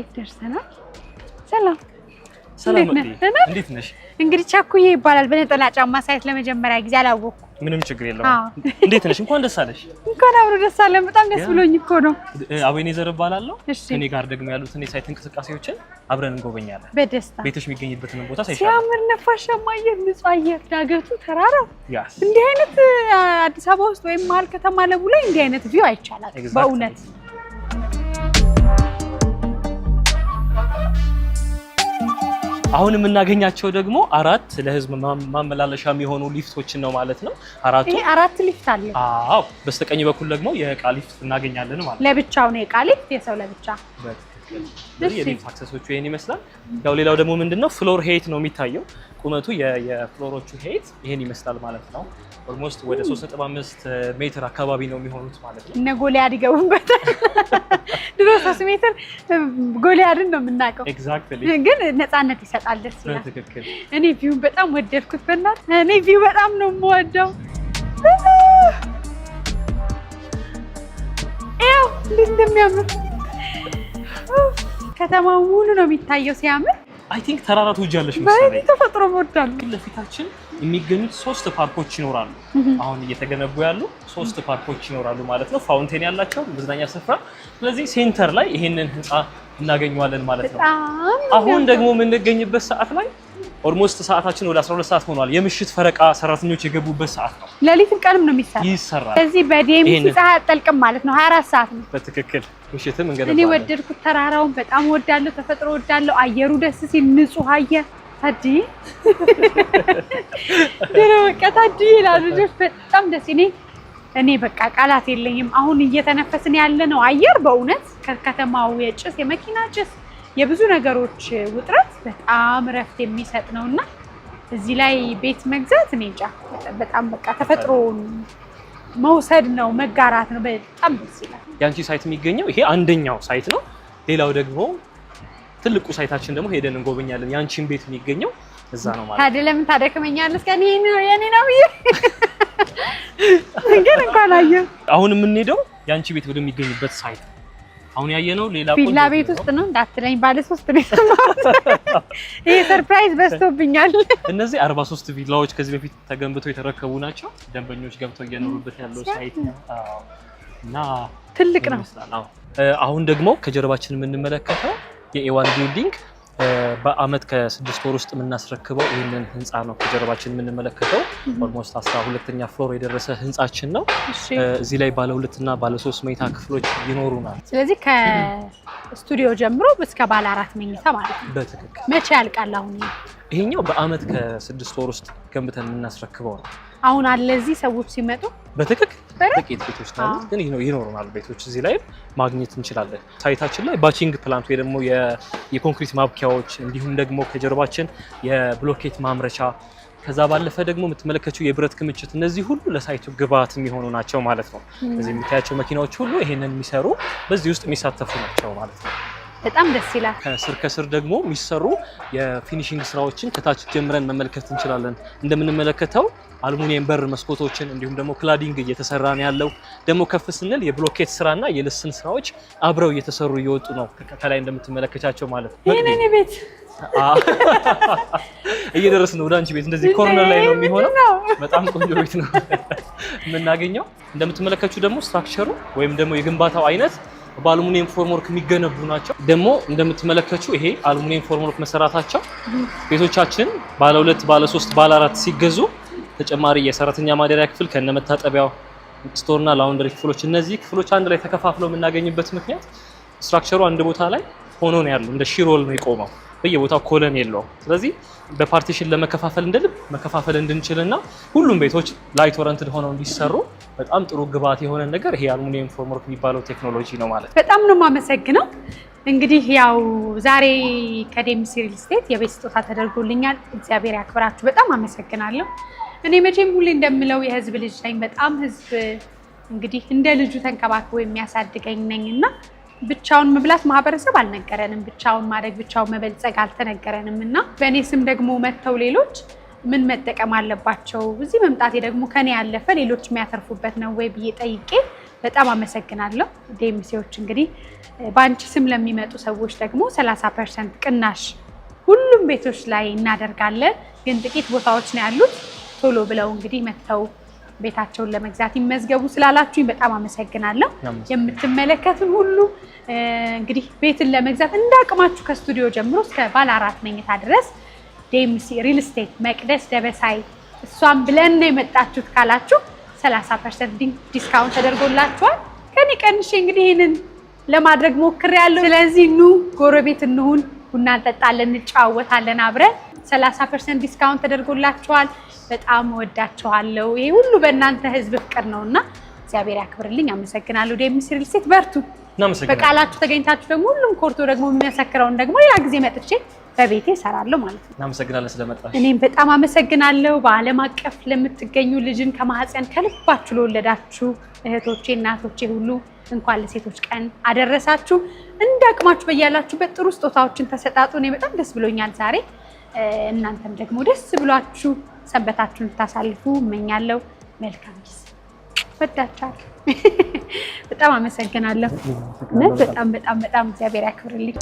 የት ደርሰናል? ሰላም ሰላም፣ እንዴት ነሽ? እንግዲህ ቻኩዬ ይባላል። በነጠላ ጫማ ሳይት ለመጀመሪያ ጊዜ አላወቅኩም። ምንም ችግር የለውም። እንዴት ነሽ? እንኳን ደስ አለሽ። እንኳን አብሮ ደስ አለን። በጣም ደስ ብሎኝ እኮ ነው። አቤኔዘር እባላለሁ። እኔ ጋር ደግሞ ያሉትን የሳይት እንቅስቃሴዎችን አብረን እንጎበኛለን። በደስታ ቤቶች የሚገኝበትን ቦታ ሲያምር፣ ነፋሻማ አየር፣ ንጹህ አየር፣ ዳገቱ፣ ተራራው እንዲህ አይነት አዲስ አበባ ውስጥ ወይም መሀል ከተማ ለቡ ላይ እንዲህ አይነት ቪው አይቻላል በእውነት አሁን የምናገኛቸው ደግሞ አራት ለህዝብ ማመላለሻ የሚሆኑ ሊፍቶችን ነው ማለት ነው። አራቱ አራት ሊፍት አለ። አዎ፣ በስተቀኝ በኩል ደግሞ የእቃ ሊፍት እናገኛለን ማለት ነው። ለብቻው ነው የእቃ ሊፍት፣ የሰው ለብቻ። የሊፍት አክሰሶቹ ይህን ይመስላል። ያው ሌላው ደግሞ ምንድነው ፍሎር ሄይት ነው የሚታየው ቁመቱ የፍሎሮቹ ሄይት ይህን ይመስላል ማለት ነው። ኦልሞስት ወደ 3.5 ሜትር አካባቢ ነው የሚሆኑት ማለት ነው። እነ ጎሊያድ ይገቡበታል። ድሮ 3 ሜትር ጎሊያድን ነው የምናውቀው። ኤግዛክትሊ ግን ነፃነት ይሰጣል። ደስ ይላል። ትክክል። እኔ ቪው በጣም ወደድኩት። በእናት እኔ ቪው በጣም ነው የምወደው። ይኸው እንደሚያምር ከተማው ሙሉ ነው የሚታየው ሲያምር አይ ቲንክ ተራራ ትውጃለሽ መሰለኝ። ተፈጥሮ ወዳል ግን ለፊታችን የሚገኙት ሶስት ፓርኮች ይኖራሉ። አሁን እየተገነቡ ያሉ ሶስት ፓርኮች ይኖራሉ ማለት ነው። ፋውንቴን ያላቸው መዝናኛ ስፍራ። ስለዚህ ሴንተር ላይ ይሄንን ህንፃ እናገኘዋለን ማለት ነው። አሁን ደግሞ የምንገኝበት ሰዓት ላይ ኦልሞስት ሰዓታችን ወደ 12 ሰዓት ሆኗል። የምሽት ፈረቃ ሰራተኞች የገቡበት ሰዓት ነው። ሌሊትም ቀንም ነው የሚሰራ ይሰራል። ስለዚህ በዲኤምሲ ፀሐይ አጠልቅም ማለት ነው። 24 ሰዓት ነው በትክክል ምሽትም እንገለባለን። እኔ ወደድኩት። ተራራውን በጣም ወዳለሁ፣ ተፈጥሮ ወዳለሁ። አየሩ ደስ ሲል ንጹህ አየር ታዲ ድሮ በቃ ታድዬ ይላሉ ልጆች። በጣም ደስ እኔ እኔ በቃ ቃላት የለኝም። አሁን እየተነፈስን ያለ ነው አየር በእውነት ከከተማው የጭስ የመኪና ጭስ የብዙ ነገሮች ውጥረት በጣም ረፍት የሚሰጥ ነው እና እዚህ ላይ ቤት መግዛት እኔ እንጃ በጣም በቃ ተፈጥሮን መውሰድ ነው መጋራት ነው። በጣም ደስ ይላል። የአንቺ ሳይት የሚገኘው ይሄ አንደኛው ሳይት ነው። ሌላው ደግሞ ትልቁ ሳይታችን ደግሞ ሄደን እንጎበኛለን። የአንቺን ቤት የሚገኘው እዛ ነው ማለት ታዲያ ለምን ታደክመኛለች? ቀን ይሄ ነው የኔ ነው ብዬ ግን እንኳን አየሁ። አሁን የምንሄደው የአንቺ ቤት ወደሚገኝበት ሳይት አሁን ያየነው ሌላ ቪላ ቤት ውስጥ ነው እንዳትለኝ፣ ባለ ሶስት ቤት ነው። ይሄ ሰርፕራይዝ በዝቶብኛል። እነዚህ 43 ቪላዎች ከዚህ በፊት ተገንብተው የተረከቡ ናቸው። ደንበኞች ገብተው እየኖሩበት ያለው ሳይት ነው እና ትልቅ ነው። አሁን ደግሞ ከጀርባችን የምንመለከተው የኤዋን ቢልዲንግ በአመት ከስድስት ወር ውስጥ የምናስረክበው ይህንን ህንፃ ነው። ከጀርባችን የምንመለከተው ኦልሞስት አስራ ሁለተኛ ፍሎር የደረሰ ህንፃችን ነው። እዚህ ላይ ባለ ሁለትና ባለ ሶስት መኝታ ክፍሎች ይኖሩናል። ስለዚህ ከስቱዲዮ ጀምሮ እስከ ባለ አራት መኝታ ማለት ነው። በትክክል መቼ ያልቃል? አሁን ይሄኛው በአመት ከስድስት ወር ውስጥ ገንብተን የምናስረክበው ነው። አሁን አለ እዚህ ሰዎች ሲመጡ በትክክል ጥቂት ቤቶች ናሉት፣ ግን ይኖሩናል ቤቶች እዚህ ላይ ማግኘት እንችላለን። ሳይታችን ላይ ባቺንግ ፕላንት ወይ ደግሞ የኮንክሪት ማብኪያዎች እንዲሁም ደግሞ ከጀርባችን የብሎኬት ማምረቻ ከዛ ባለፈ ደግሞ የምትመለከቱት የብረት ክምችት እነዚህ ሁሉ ለሳይቱ ግብአት የሚሆኑ ናቸው ማለት ነው። እዚህ የምታያቸው መኪናዎች ሁሉ ይሄንን የሚሰሩ በዚህ ውስጥ የሚሳተፉ ናቸው ማለት ነው። በጣም ደስ ይላል። ከስር ከስር ደግሞ የሚሰሩ የፊኒሽንግ ስራዎችን ከታች ጀምረን መመልከት እንችላለን። እንደምንመለከተው አልሙኒየም በር መስኮቶችን እንዲሁም ደግሞ ክላዲንግ እየተሰራ ነው ያለው። ደግሞ ከፍ ስንል የብሎኬት ስራና የልስን ስራዎች አብረው እየተሰሩ እየወጡ ነው፣ ከላይ እንደምትመለከቻቸው ማለት ነው። ቤት እየደረስ ነው። ወደ አንቺ ቤት እንደዚህ ኮርነር ላይ ነው የሚሆነው። በጣም ቆንጆ ቤት ነው የምናገኘው። እንደምትመለከቹ ደግሞ ስትራክቸሩ ወይም ደግሞ የግንባታው አይነት በአሉሚኒየም ፎርምወርክ የሚገነቡ ናቸው። ደግሞ እንደምትመለከቱ ይሄ አሉሚኒየም ፎርምወርክ መሰራታቸው ቤቶቻችን ባለ ሁለት፣ ባለ ሶስት፣ ባለ አራት ሲገዙ ተጨማሪ የሰራተኛ ማደሪያ ክፍል ከነ መታጠቢያው ስቶርና ላውንደሪ ክፍሎች፣ እነዚህ ክፍሎች አንድ ላይ ተከፋፍለው የምናገኝበት ምክንያት ስትራክቸሩ አንድ ቦታ ላይ ሆኖ ነው ያለው። እንደ ሺሮል ነው የቆመው። በየቦታው ኮለን የለውም። ስለዚህ በፓርቲሽን ለመከፋፈል እንደልብ መከፋፈል እንድንችልና ሁሉም ቤቶች ላይት ወረንትድ ሆነው እንዲሰሩ በጣም ጥሩ ግብዓት የሆነ ነገር ይሄ አልሙኒየም ፎርምወርክ የሚባለው ቴክኖሎጂ ነው ማለት ነው። በጣም ነው የማመሰግነው። እንግዲህ ያው ዛሬ ከዴምሲ ሪል ስቴት የቤት ስጦታ ተደርጎልኛል። እግዚአብሔር ያክብራችሁ። በጣም አመሰግናለሁ። እኔ መቼም ሁሌ እንደምለው የህዝብ ልጅ ነኝ። በጣም ህዝብ እንግዲህ እንደ ልጁ ተንከባክቦ የሚያሳድገኝ ነኝ እና ብቻውን መብላት ማህበረሰብ አልነገረንም፣ ብቻውን ማደግ፣ ብቻውን መበልጸግ አልተነገረንም እና በእኔ ስም ደግሞ መጥተው ሌሎች ምን መጠቀም አለባቸው? እዚህ መምጣቴ ደግሞ ከኔ ያለፈ ሌሎች የሚያተርፉበት ነው ወይ ብዬ ጠይቄ በጣም አመሰግናለሁ። ዴምሴዎች እንግዲህ በአንቺ ስም ለሚመጡ ሰዎች ደግሞ 30 ፐርሰንት ቅናሽ ሁሉም ቤቶች ላይ እናደርጋለን። ግን ጥቂት ቦታዎች ነው ያሉት። ቶሎ ብለው እንግዲህ መጥተው ቤታቸውን ለመግዛት ይመዝገቡ ስላላችሁኝ በጣም አመሰግናለሁ። የምትመለከቱን ሁሉ እንግዲህ ቤትን ለመግዛት እንዳቅማችሁ ከስቱዲዮ ጀምሮ እስከ ባለ አራት መኝታ ድረስ ዴምሲ ሪል ስቴት መቅደስ ደበሳይ እሷም ብለን ነው የመጣችሁት ካላችሁ 30 ፐርሰንት ዲስካውንት ተደርጎላችኋል። ከኔ ቀንሽ እንግዲህ ይህንን ለማድረግ ሞክሬያለሁ። ስለዚህ ኑ ጎረቤት እንሁን፣ ቡና እንጠጣለን፣ እንጫወታለን አብረን። 30 ፐርሰንት ዲስካውንት ተደርጎላችኋል። በጣም እወዳችኋለሁ። ይሄ ሁሉ በእናንተ ህዝብ ፍቅር እና እግዚአብሔር ያክብርልኝ። አመሰግናለሁ። ዴምሲ ሪል ስቴት በርቱ። በቃላችሁ ተገኝታችሁ ደግሞ ሁሉም ኮርቶ ደግሞ የሚመሰክረውን ደግሞ ሌላ ጊዜ መጥቼ በቤቴ እሰራለሁ ማለት ነው። እናመሰግናለን ስለመጣሽ። እኔም በጣም አመሰግናለሁ። በዓለም አቀፍ ለምትገኙ ልጅን ከማህፀን ከልባችሁ ለወለዳችሁ እህቶቼ፣ እናቶቼ ሁሉ እንኳን ለሴቶች ቀን አደረሳችሁ። እንደ አቅማችሁ በያላችሁበት ጥሩ ስጦታዎችን ተሰጣጡ። እኔ በጣም ደስ ብሎኛል ዛሬ። እናንተም ደግሞ ደስ ብሏችሁ ሰንበታችሁን ልታሳልፉ እመኛለሁ። መልካም ጊዜ። ወዳችኋለሁ። በጣም አመሰግናለሁ። በጣም በጣም በጣም እግዚአብሔር ያክብርልኝ።